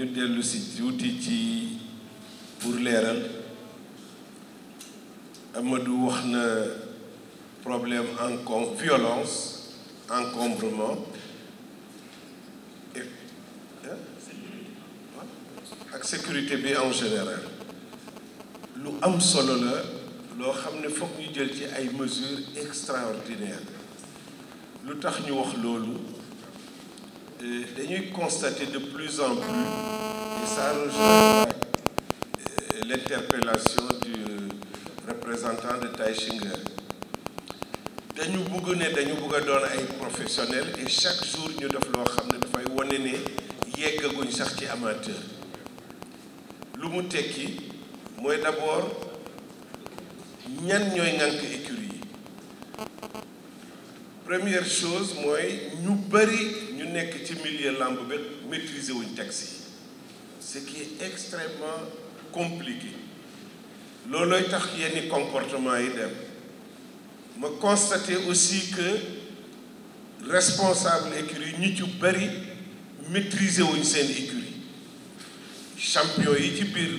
ñu dellu si tuuti ci pour leeral Amadou wax na problème encom violence encombrement et ak sécurité bi en général lu am solo la loo xam ne foog ñu jël ci ay mesures extraordinaires lu tax ñu wax loolu dañuy constater de plus en plus et ça rejoint euh, l'interpellation du représentant de Taïchinger dañu bëgg ne dañu bugg a doon ay professionnel et chaque jour ñu def loo xam ne dafay wane ne yeggaguñ sax ci amateur lu mu tekki mooy d'abord ñan ñooy ŋànk écurie yi première chose mooy ñu bari nekk ci milieu làmb bi maîtriser wuñ texte yi ce est extrêmement compliqué loolooy tax yenni comportement yi dem ma constaté aussi que responsable écurie ñu ci bëri maîtriser wuñ seen écurie champion yi ci biir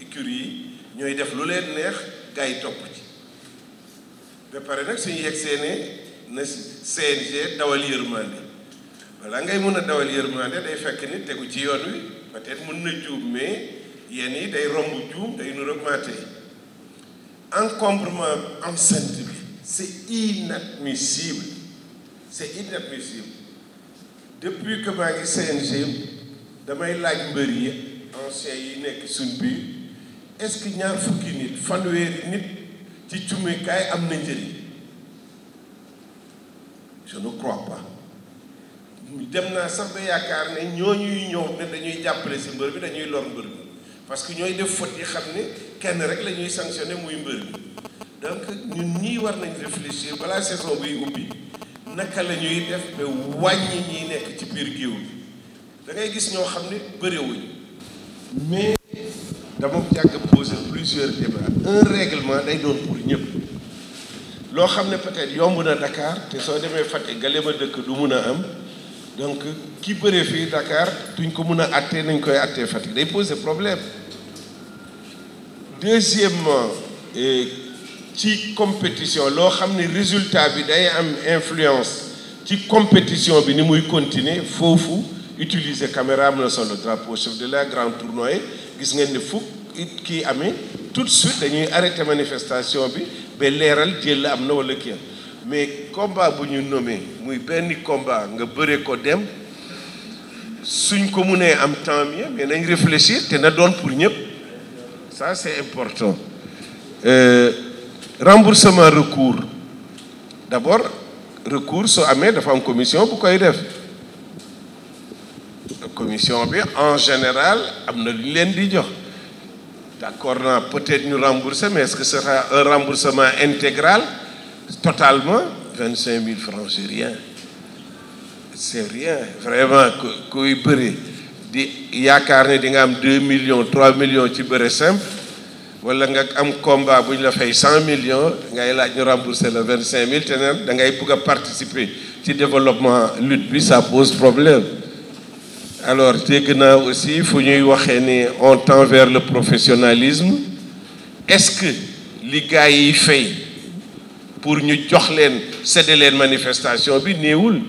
écurie yi ñooy def lu leen neex gars yi topp ci ba pare nag suñ yegg see ne na CNG dawal yërmande balaa ngay mun a dawal yërmande day fekk ni tegu ci yoon wi peut-être mën na juum mais yenn yi day romb juum day nu rëgmaate encombrement enceinte bi c'est inadmissible c'est inadmissible depuis que maa ngi CNG damay laaj mbër yi ancien yi nekk suñ biir est ñaar fukki nit fanweeri nit ci cumikaay am na njëriñ je ne crois dem naa sax ba yaakaar ne ñoo ñooñuy ñëw ne dañuy jàppale si mbër bi dañuy lor mbër bi parce que ñooy def faute yi xam ne kenn rek la ñuy sanctionné muy mbër bi donc ñun ñii war nañ réfléchir balaa saison biy ubbi naka la ñuy def ba wàññi ñiy nekk ci biir géew dangay gis ñoo xam ne bëriwuñ mais dama jàgg poser plusieurs débats un règlement day doon pour ñëpp loo xam ne peut-être yomb na Dakar te soo demee Fatick gale ma dëkk du mun a am donc ki bëree fii Dakar duñ ko mun a àttee nañ koy àttee Fatick day poser problème deuxièmement eh, ci compétition loo xam ne résultat bi day am influence ci compétition bi ni muy continuer foofu utiliser caméra am na solo drapeau chef de la grand tournoi gis ngeen ne fukk it kii amee tout de suite dañuy arrêté manifestation bi ba leeral jël am na walla kii mais combat bu ñu nommé muy benn combat nga bëre ko dem suñ ko mënee am temps mieux mais nañ réfléchir te na doon pour ñëpp ça c'est important euh, remboursement recours d'abord recours su amee dafa am commission bu koy def commission bi en général am na lu leen di jox d'accord naa peut-être ñu rembourser mais est-ce que ce sera un remboursement intégral totalement vingt cinq mille francs c'est rien c'est rien vraiment ku kuy bëri di yaakaar ne di nga am deux millions trois millions ci bëri simple wala nga am combat bu ñu la fay millions ngay laaj ñu rembourser la vingt cinq mille te nag da ngay bëgg a participer ci développement lutte bi ça pose problème alors dégg naa aussi fu ñuy waxee ni on tend vers le professionnalisme est-ce que li gars yi fay pour ñu jox leen céder leen manifestation bi néewul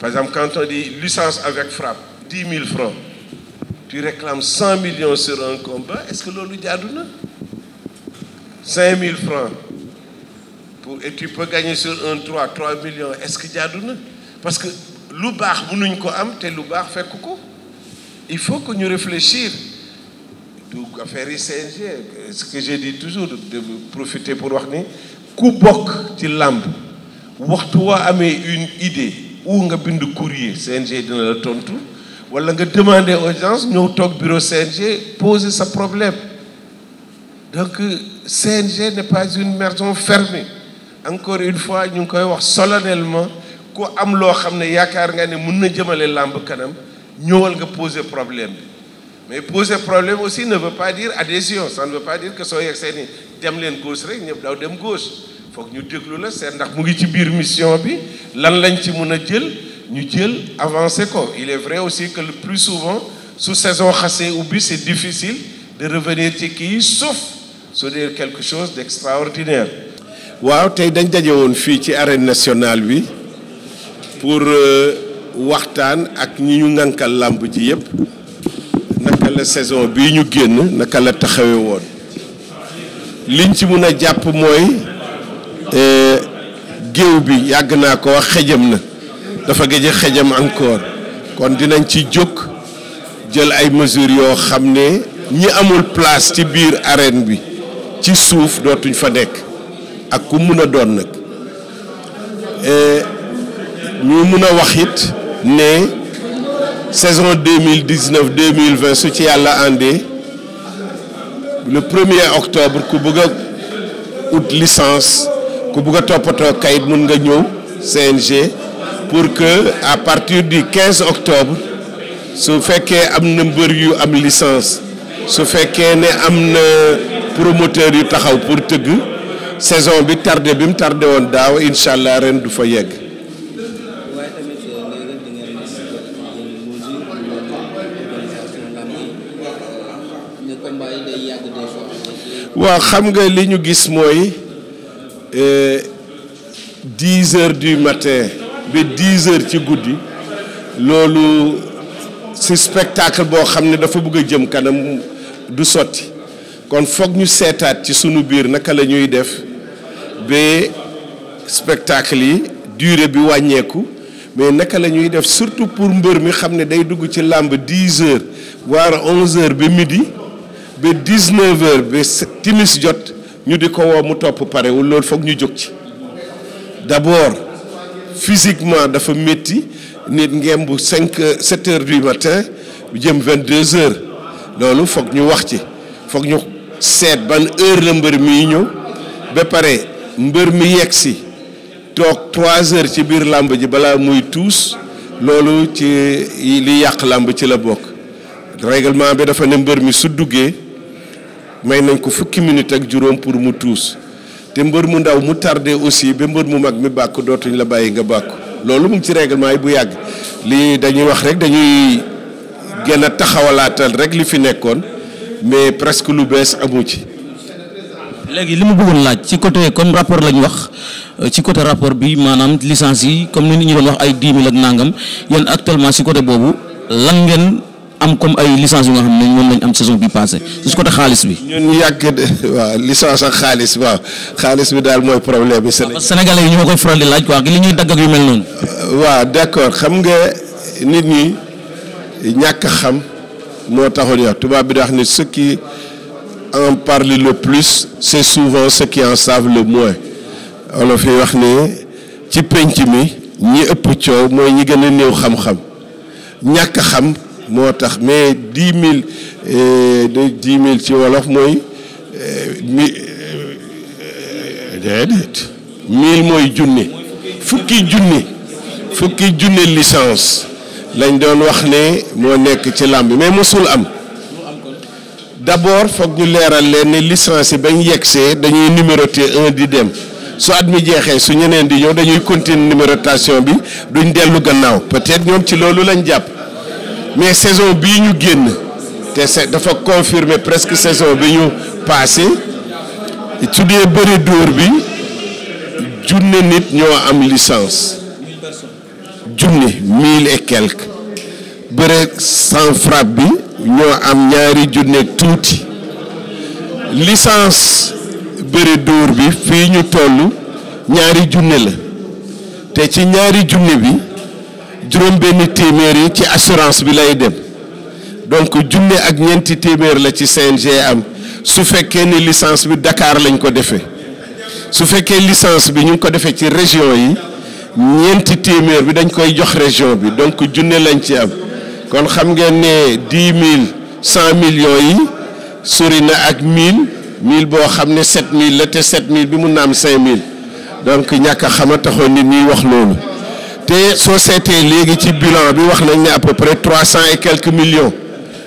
par exemple quand on dit licence avec frappe dix mille francs tu réclames cent millions sur un combat est-ce que loolu jaadu na cinq mille francs pour etu tu peux gagner sur un trois trois millions est-ce que jaadu na parce que lu baax mu mënuñ ko am te lu baax fekk ko il faut que ñu réfléchir du affaire yi CNG ce que j'ai dit toujours de profiter pour wax ni ku bokk ci làmb waxtu waa amee une idée ou nga bind courrier CNG dina la tontu wala nga demander audience ñëw toog bureau CNG poser sa problème donc CNG n'est pas une maison fermée encore une fois ñu ngi koy wax solennellement ku am loo xam ne yaakaar nga ne mun na jëmale làmb kanam ñëwal nga poser problème bi mais poser problème aussi ne veut pas dire adhésion ça ne veut pas dire que soo yegg seeni dem leen gauche rek ñëpp daw dem gauche foog ñu déglu la seet ndax mu ngi ci biir mission bi lan lañ ci mun a jël ñu jël avancer ko il est vrai aussi que le plus souvent su saison xasee ubbi c'est difficile de revenir ci kii sauf su dee quelque chose d'extraordinaire waaw tey dañ daje woon fii ci arène national bi pour euh, waxtaan ak ñi ñu ngànkal làmb ji yépp la saison bii ñu génn naka la taxawee woon liñ ci mun a jàpp mooy géew bi yàgg naa ko wax xejam na dafa gëj a encore kon dinañ ci jóg jël ay mesures yoo xam ne ñi amul place ci biir arène bi ci suuf dootuñ fa nekk ak ku mun a doon nag eh, ñu mun a wax ne. saison 2019 2020 su ci yàlla àndee le premier octobre ku bëgg a ut licence ku bëgg a toppatoo kayit mun nga ñëw CNG pour que à partir du 15 octobre su fekkee am na mbër yu am licence su fekkee ne am na promoteur yu taxaw pour tëgg saison bi tarde bi mu tardé woon daaw incha allah ren du fa yegg. waaw xam nga li ñu gis mooy eh, dix heures du matin ba dix heures ci guddi loolu si spectacle boo xam ne dafa bugg jëm kanam du sotti kon foog ñu seetaat ci suñu biir naka la ñuy def ba spectacle yi durée bi wàññeeku mais naka la ñuy def surtout pour mbër mi xam ne day dugg ci làmb dix heures voire onze heures midi. ba 19 heures ba timis jot ñu di ko woo mu topp parewul loolu foog ñu jóg ci d'abord physiquement dafa métti nit ngeen bu 5 7 heures du matin jëm 22 heures loolu foog ñu wax ci foog ñu seet ban heure la mbër mi ñëw ba pare mbër mi yegg si toog 3 heures ci biir làmb ji balaa muy tuus loolu ci li yàq làmb ci la bokk. règlement bi dafa ne mbër mi su duggee may nañ ko fukki minute ak juróom pour mu tuus te mbër mu ndaw mu tardé aussi ba mbër mu mag mi bàkk dootuñ la bàyyi nga bàkk loolu mu ngi ci règlement yi bu yàgg lii dañuy wax rek dañuy gën a taxawalaatal rek li fi nekkoon mais presque lu bees amu ci. léegi li mu buggoon laaj ci côté comme rapport lañ wax euh, ci côté rapport bi maanaam licence yi comme ni ñu doon wax ay dix mille ak nangam yéen actuellement ci côté boobu am comme ay licence yu nga xam ne moom lañ am saison bi passé su côté xaalis bi. ñun ñu yàgg waaw licence ak xaalis waaw xaalis bi daal mooy problème bi. Ah, Sénégalais yi ñu ma koy faral di laaj quoi li ñuy dagg ak yu mel noonu. Euh, waaw d'accord xam nga nit ñi ñàkk xam moo taxoon yow tubaab bi di wax ni en parle le plus c'est souvent ceux qui en savent le moins yi wax ni ci penc mi ñi ëpp coow mooy ñi gën a néew xam-xam ñàkk xam. moo tax mais dix mille euh, de dix mille ci wolof mooy euh, mi euh, mooy junni fukki junni fukki junni licence lañ doon wax ne moo nekk ci làmb mais mosul am d'abord foog ñu leeral leen ne licence yi bañ yegsee dañuy numéroter un di dem su at mi jeexee su ñeneen di ñëw dañuy continuer numérotation bi duñ dellu gannaaw peut-être ñoom ci loolu lañ jàpp mais saison bii ñu génn te dafa confirmer presque saison bi ñu passé su dee bëri dóor bi junne nit ñoo am licence junne mille et quelque bëre sans frappe bi ñoo am ñaari junne tuuti licence bëri dóor bi fii ñu toll ñaari junne la te ci ñaari junne bi juróom benn téeméer yi ci assurance bi lay dem donc junne ak ñeenti téeméer la ci CNG am su fekkee ni licence bi dakaar lañ ko defee su fekkee licence bi ñu ngi ko defee ci région yi ñeenti téeméer bi dañ koy jox région bi donc junne lañ ci am kon xam ngeen ne dix mille cent millions yi sori na ak mille mille boo xam ne sept mille la te sept mille bi mun na am cinq mille donc ñàkk a taxoon nit ñuy wax loolu te soo seetee léegi ci bilan bi wax nañ ne à peu près trois cent et quelques millions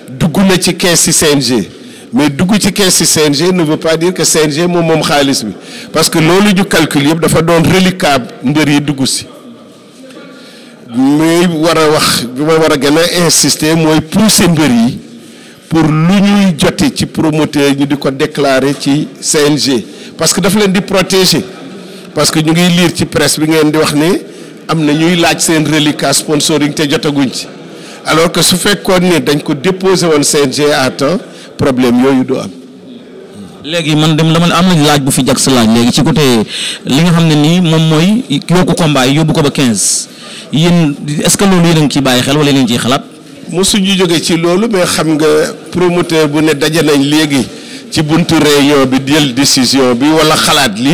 dugg na ci kees ci CNG mais dugg ci kees ci CNG ne veut pas dire que CNG moom moom xaalis bi parce que loolu ñu calcul yëpp dafa doon reliquat mbër yi dugg si muy war a wax bi ma war a gën a insister mooy pousser mbër yi pour lu ñuy joti ci promoteur ñu di ko déclarer ci CNG parce que dafa leen di protéger parce que ñu ngi liir ci presse bi ngeen di wax ne. am na ñuy laaj seen reliquat sponsoring te jotaguñ ci alors que su fekkoon ne dañ ko déposé woon CNG à temps problème yooyu du am. léegi man dem dama am nañ laaj bu fi jag sa laaj léegi ci côté li nga xam ne nii moom mooy yokku combat yi yóbbu ko ba 15 yéen est-ce que loolu yéen a ngi ciy bàyyi xel wala yéen a ngi ciy xalaat. mosu ñu jóge ci loolu mais xam nga promoteur bu ne daje nañ léegi ci buntu réunion bi jël décision bi wala xalaat li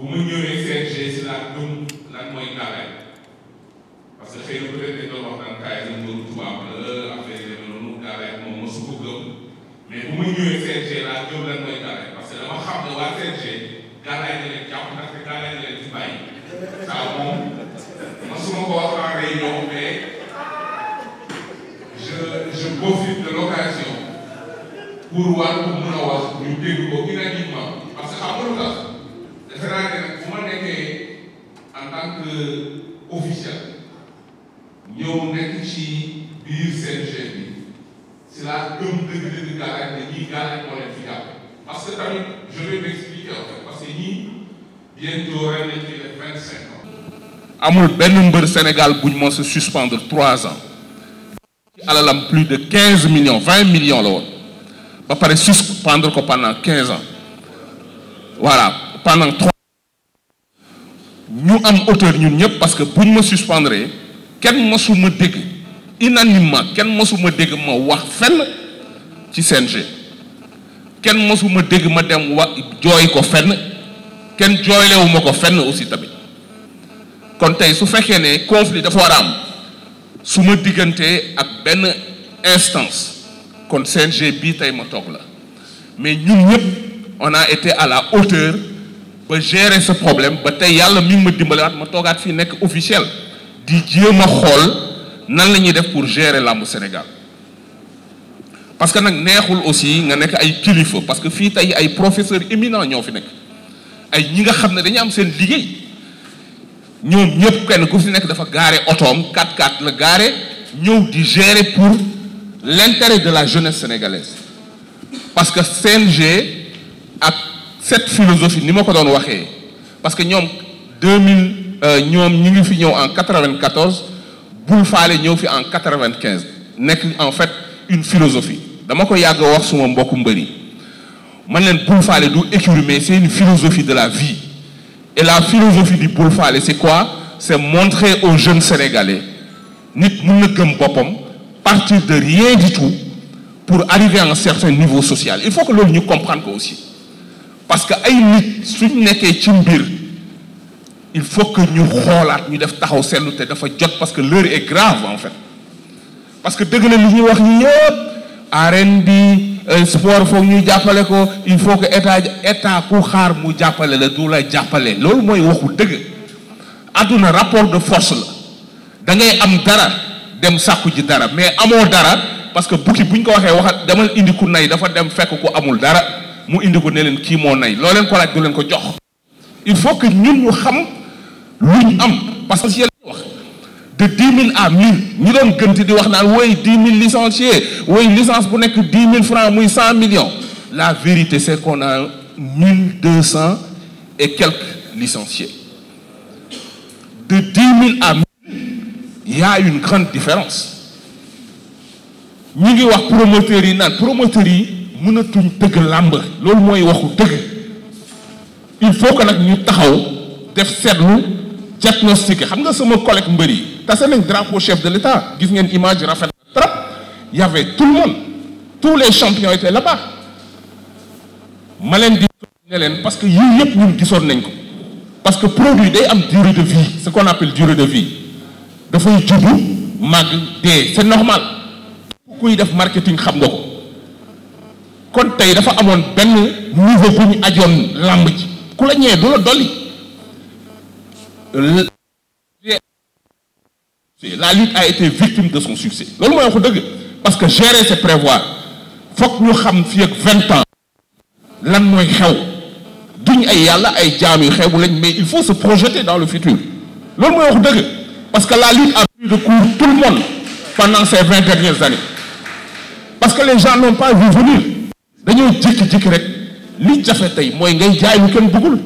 bu mu ñëwee CNG si laa gëm lan mooy kaaraay parce que xëy na peut être dañ doon wax naan kaay la mbëru tubaab la affaire yi demee noonu kaaraay moom mosu ko gëm mais bu mu ñëwee CNG laa gëm lan mooy kaaraay parce que dama xam ne waa CNG kaaraay da leen jàpp ndax te kaaraay da leen di bàyyi saa moom masuma ko wax en réunion mais je je profite de l'occasion pour war ko mën a wax ñu dégg ko amul benn mbër Sénégal buñ moo sa suspendre trois ans ci alalam plus de quinze millions vingt millions la woon ba pare suspendre ko pendant quinze ans voilà pendant trois ñu am hauteur ñun ñëpp parce que buñ ma suspendre kenn mosuma dégg unanimement kenn mosuma dégg ma wax fenn ci CNG kenn mosuma dégg ma dem wa jooy ko fenn kenn jooylewuma ko fenn aussi tamit kon tey su fekkee ne conflit dafa war a am su ma diggante ak benn instance kon CNG bii tey ma toog la mais ñun ñëpp on a été à la hauteur ba gérer ce problème ba tey yàlla mi ngi ma dimbaliwaat ma toogaat fii nekk officiel di jéem a xool nan la ñuy def pour gérer làmbu Sénégal parce que nag neexul aussi nga nekk ay kilifa parce que fii tey ay professeurs éminents ñoo fi nekk ay ñi nga xam ne dañu am seen liggéey ñoom ñëpp kenn ku si nekk dafa gaare otoom 4x4 la gaare ñëw di gérer pour l'intérêt de la jeunesse sénégalaise parce que CNG ak cette philosophie ni ma ko doon waxee parce que ñoom 2000 euh, ñoom ñu ngi fi ñëw en 94 bul faale ñëw fi en 95 nekk en fait une philosophie dama ko yàgg wax suma mbokku mbëri man leen bul faale du écurie mais philosophie de la vie Et la philosophie du Baol Fallé c'est quoi? C'est montrer aux jeunes Sénégalais nit mën na gëm boppam partir de rien du tout pour arriver à un certain niveau social il faut que loolu ñu comprendre ko aussi parce que ay nit suñ nekkee ci mbir il faut que ñu xoolaat ñu def taxaw seetlu te dafa jot parce que l'heure est grave en fait parce que dëgg la li ñuy wax ñi ñëpp arène bi Euh, sport foog ñu jàppale ko il faut que état état ku xaar mu jàppale la du la jàppale loolu mooy waxu dëgg àdduna rapport de force la da ngay am dara dem sàkku ji dara mais amoo dara parce que bukki bu ñu ko waxee waxat demal indi ku nay dafa dem fekk ku amul dara mu indi ko ne leen kii moo nay loo leen ko laaj du leen ko jox il faut que ñun ñu xam luñ am parce que de 10 000 à 1000 ñu doon gënti di wax naan woy 10 000 licenciés woy licence bu nekk 10 000 francs muy 100 millions la vérité c'est qu'on a et quelques licenciés de 10 000 à 1000 il y a une grande différence ñu ngi wax promoteurs yi naan promoteurs yi mënatuñ tëgg làmb loolu mooy waxu dëgg il faut que nag ñu taxaw def seetlu diagnostiqué xam nga sama collègue mbër yi tase nañ drapeau chef de l'État gis ngeen image rafet na trop y avait tout le monde tous les champions étaient la bas ma leen di ne leen parce que yii yëpp ñun gisoon nañ ko parce que produit day am durée de vie ce qu'on appelle durée de vie dafay juddu màgg dee c'est normal kuy def marketing xam nga ko kon tey dafa amoon benn niveau bu ajoon làmb ji ku la ñëwee du la dolli la lutte a été victime de son succès loolu mooy waxu dëgg parce que gérer c'est prévoir foog ñu xam fi ak vingt ans lan mooy xew duñ ay yàlla ay jaam yu xew bu lañ mais il faut se projeter dans le futur loolu mooy waxu dëgg parce que la lutte a pris de court tout le monde pendant ces vingt dernières années parce que les gens n'ont pas vu dañoo jékki-jékki rek li jafe tey mooy ngay jaay lu kenn bëggul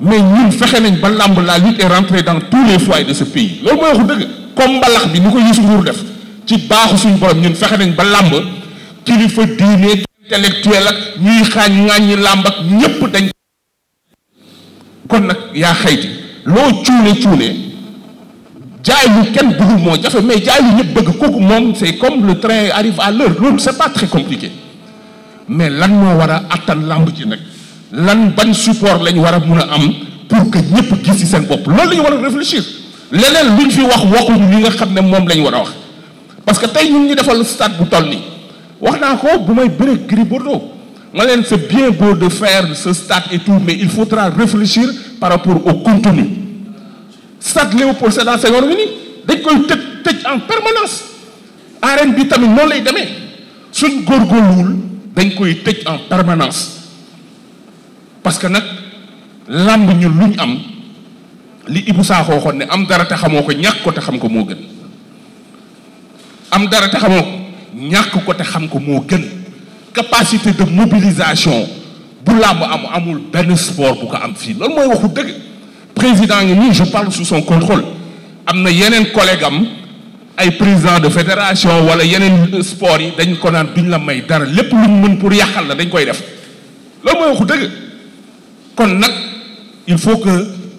mais ñun fexe nañ ba làmb la lutte est rentrée dans tous les foyers de ce pays loolu mooy waxu dëgg comme mbalax bi ni ko Youssou Ndour def ci baaxu suñu borom ñun fexe nañ ba làmb kilifa diine intellectuel ak ñuy xaañ ñaaññi làmb ak ñépp dañ kon nag yaa xayti loo cuune cuune jaay lu kenn bëggul moo jafe mais jaay lu ñëpp bëgg kooku moom c'est comme le train arrive à l'heure loolu c'est pas très compliqué mais lan moo war a àttan làmb ci nag lan bañ support lañ war a mun a am pour que ñëpp gis ci seen bopp loolu la war a réfléchir leneen luñ fi wax waxuñ li nga xam ne moom lañ war a wax parce que tey ñu ñu defal stade bu toll nii wax naa ko bu may bëre Gris Bordeaux ma leen c'est bien beau de faire ce stade et tout mais il faudra réfléchir par rapport au contenu stade Léopold Sédar Senghor bi nii dañ koy tëj tëj en permanence arène bi tamit noonu lay demee suñ góorgóorluwul dañ koy tëj en permanence parce que nag làmb ñu luñ am li Ibou Sakho waxoon ne am dara te xamoo ko ñàkk ko te xam ko moo gën am dara te xamoo ko ñàkk ko xam ko moo gën capacité de mobilisation bu làmb amu amul benn sport bu ko am fii loolu mooy waxu dëgg président ngi nii je parle sous son contrôle am na yeneen collègue am ay président de fédération wala yeneen sport yi dañ ko naan duñ la may dara lépp luñ mën pour yàqal na dañ koy def loolu mooy waxu dëgg kon nag il faut que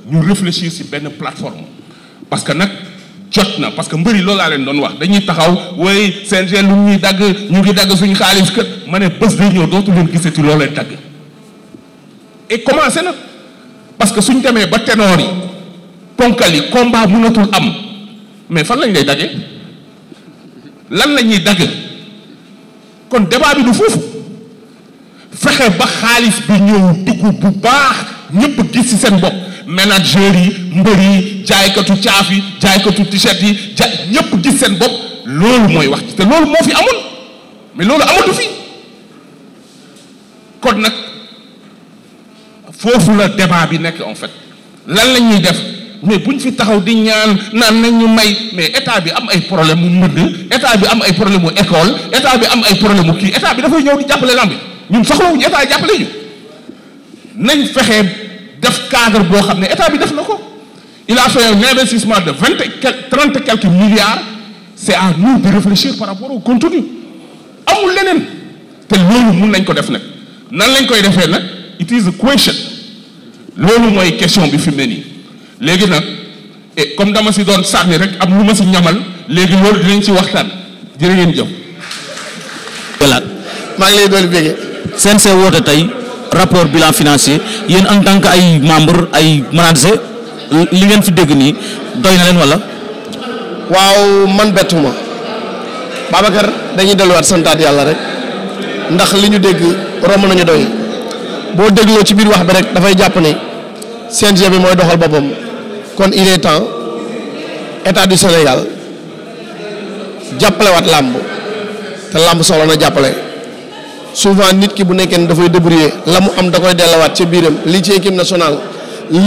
ñu réfléchir ci benn plateforme parce que nag jot na parce que mbëri loolu laa leen doon wax dañuy taxaw wooy CNG lu ñuy dagg ñu ngi dagg suñu xaalis kët ma ne bés day ñëw dootu leen gisati loo leen dagg et commencé na parce que suñ demee ba ténor yi ponkal yi combat mënatul am mais fan lañ lay daggee lan la ñuy dagg kon débat bi du foofu fexe ba xaalis bi ñëw dugg bu baax ñëpp gis ci seen bopp manager yi mbër yi jaaykatu caaf yi jaaykatu t-shirt yi ja ñëpp gis seen bopp loolu mooy wax te loolu moo fi amoon mais loolu amatu fi nag foofu la débat bi nekk en fait lan la ñuy def mais buñ fi taxaw di ñaan naan nañ ñu may mais état bi am ay problème mu mbënd état bi am ay problème mu école état bi am ay problème mu kii état bi dafay ñëw di jàppale lamb bi ñun soxlawuñu état yi jàppale ñu nañ fexe def cadre boo xam ne état bi def na ko il a fait un investissement de vingt et quelque trente et quelques milliards c'est à nous de réfléchir par rapport au contenu amul leneen te loolu mun nañ ko def nag nan lañ koy defee nag it is a question loolu mooy question bi fi mu ne nii léegi nag comme dama si doon sànni rek am lu ma si ñamal léegi loolu dinañ ci waxtaan jërë ngeen jëf voilà maa ngi lay doon bégee CNC woote tey rapport bilan financier yéen en tant que ay membre ay manager li ngeen fi dégg nii doy na leen wala. waaw man bettuma Babacar dañuy delluwaat santaat yàlla rek ndax li ñu dégg romb nañu doy boo dégloo ci biir wax bi rek dafay jàpp ne CNG bi mooy doxal boppam kon il est temps état du Sénégal jàppalewaat làmb te làmb soxla na jàppale. souvent nit ki bu nekkee ne dafay débrouiller la mu am da koy dellawaat ca biiram lii ci équipe nationale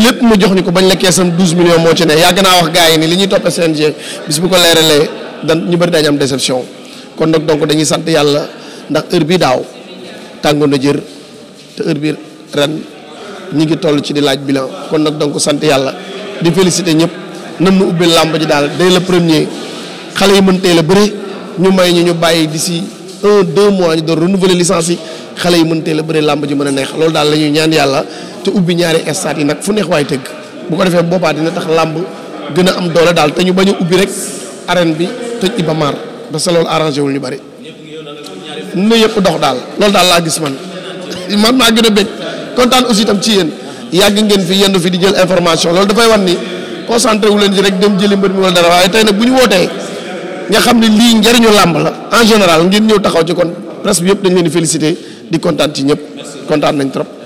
lépp mu jox ñu ko bañ la keesam 12 millions moo ci ne yàgg naa wax gars yi ni li ñuy toppee CNG bis bu ko leeralee dan ñu bëri dañu am déception kon nag donc dañuy sant yàlla ndax heure bi daaw tàngoon na jër te heure bi ren ñi ngi toll ci di laaj bilan kon nag donc sant yàlla di féliciter ñëpp nan nu ubbi làmb ji daal dès le premier xale yi man teel a bëri ñu may ñu ñu bàyyi d'ici un deux mois ñu doon renouveler licence yi xale yi mën teel a bëre làmb ji mën a neex loolu daal la ñuy ñaan yàlla te ubbi ñaari stade yi nag fu neex waay tëgg bu ko defee boobaa dina tax làmb gën a am doole daal te ñu bañ a ubbi rek arène bi tëj Iba Mar parce que loolu ñu bëri na yëpp daal loolu daal laa gis man man maa gën a bëgg kontaan aussi itam ci yéen yàgg ngeen fi yendu fi di jël information loolu dafay wan ni concentré wu leen ci rek dem jëli mbër mi waaye tey nag bu ñu wootee nga xam lii njëriñu làmb la en général ngeen ñëw taxaw ci kon presse bi yëpp dañ di féliciter di kontaan ci ñëpp kontaan nañ trop.